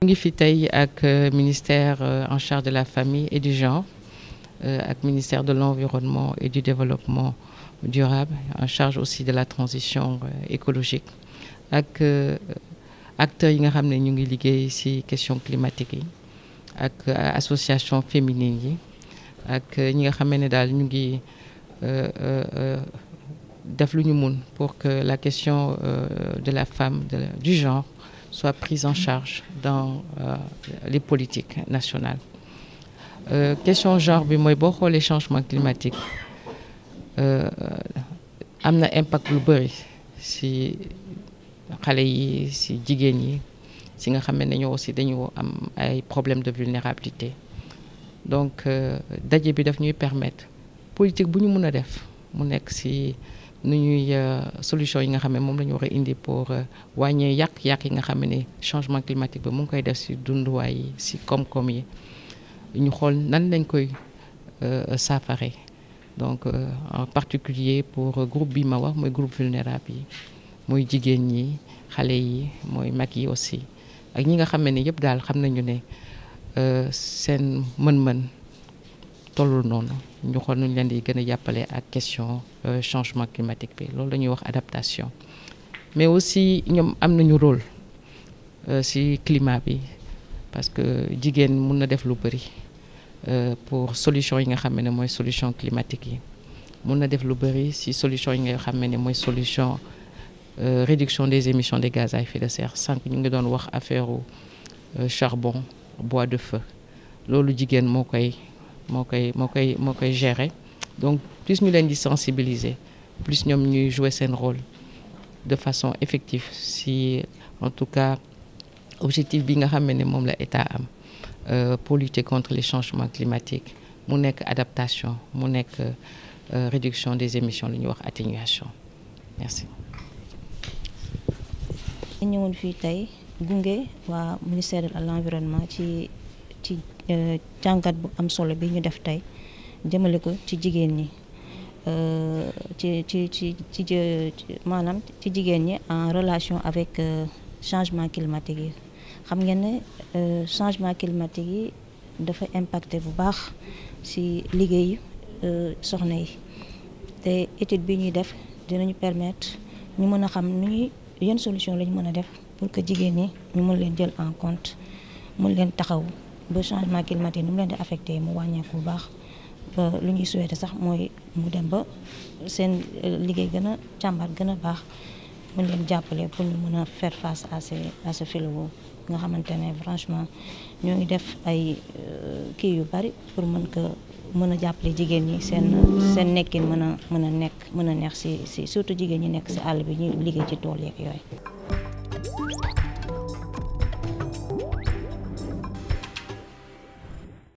ñu ngi fi tey ak euh, ministère euh, en charge de la famille et du genre euh, ak ministère de l'environnement et du développement durable en charge aussi de la transition écologique ak acteurs yi nga xam ne ñu ngi liggéey si question climatique yi ak association féminine yi ak ñi nga xam ne daal ñu ngi def lu ñu mun pour que la question euh, de la femme de la, du genre soit prise en charge dans euh, les politiques nationales euh, question genre bi mooy boo xoolee changement climatique am na impact lu bëri si xale yi si jigéen yi si nga xam ne ñoo aussi dañu am ay problèmes de vulnérabilité donc daje bi daf ñuy permettre politique bu ñu mën a def mu nekk si nu ñuy euh, solution yi nga xam ne moom la ñu war indi pour euh, wàññee yàq-yàq yi nga xam ne changement climatique bi mu ngi koy def ci dunduwaay yi si koom-koom yi ñu xool nan lañ koy euh, saafare donc en particulier pour groupe bi ma wax mooy groupe vulnérable yi mooy jigéen ñi xale yi mooy mag yi aussi ak ñi nga xam ne yëpp daal xam nañu ne seen mën-mën tollul noonu ñu xool nuñ leen di gën a jàppale ak question euh, changement climatique bi loolu dañuy wax adaptation mais aussi ñoom am nañu rôle euh, si climat bi parce que jigéen mun na def lu bëri euh, pour solution yi nga xam ne mooy solution climatique yi mun na def lu bëri ci solution yi nga xam ne mooy solution réduction des émissions de gaz à fi de serre sànq ñu ngi doon wax affaire charbon bois de feu loolu jigéen moo koy moo koy moo koy moo koy gérer donc plus ñu leen di sensibiliser plus ñoom ñu jouer seen rôle de façon effective si en tout cas objectif bi nga xam ne moom la état am euh, pour lutter contre les changements climatiques mu nekk adaptation mu nekk euh, réduction des émissions lu ñuy wax atténuation merci. ñëwoon fii tey gunge waa ministère de l'environnement ci ci. Euh, jàngat bu am solo bi ñu def tey jëmale ko ci jigéen ñi euh, ci ci ci ci maanaam ci jigéen ñi en relation avec euh, changement climatique yi xam ngeen ne changement climatique yi dafa impacté bu baax ci liggéey soxna yi te étude bi ñuy def dinañu permettre ñu mën a xam nu ñuy yan solution la ñu mën a def pour que jigéen ñi ñu mën leen jël en compte mu leen taxaw ba changement climatique ni mu leen di affecté mu wàññeeku bu baax lu ñuy souhaité sax mooy mu dem ba seen euh, liggéey gën a càmbar gën a baax mën leen jàppale pour ñu mën a faire face à ces à ce nga xamante ne franchement ñoo ngi def ay euh, kii yu bari pour mën ko mën a jàppale jigéen ñi seen seen nekkin mën a mën a nekk mën a neex si si surtout jigéen ñi nekk si àll bi ñuy liggéey ci tool yeeg yooyu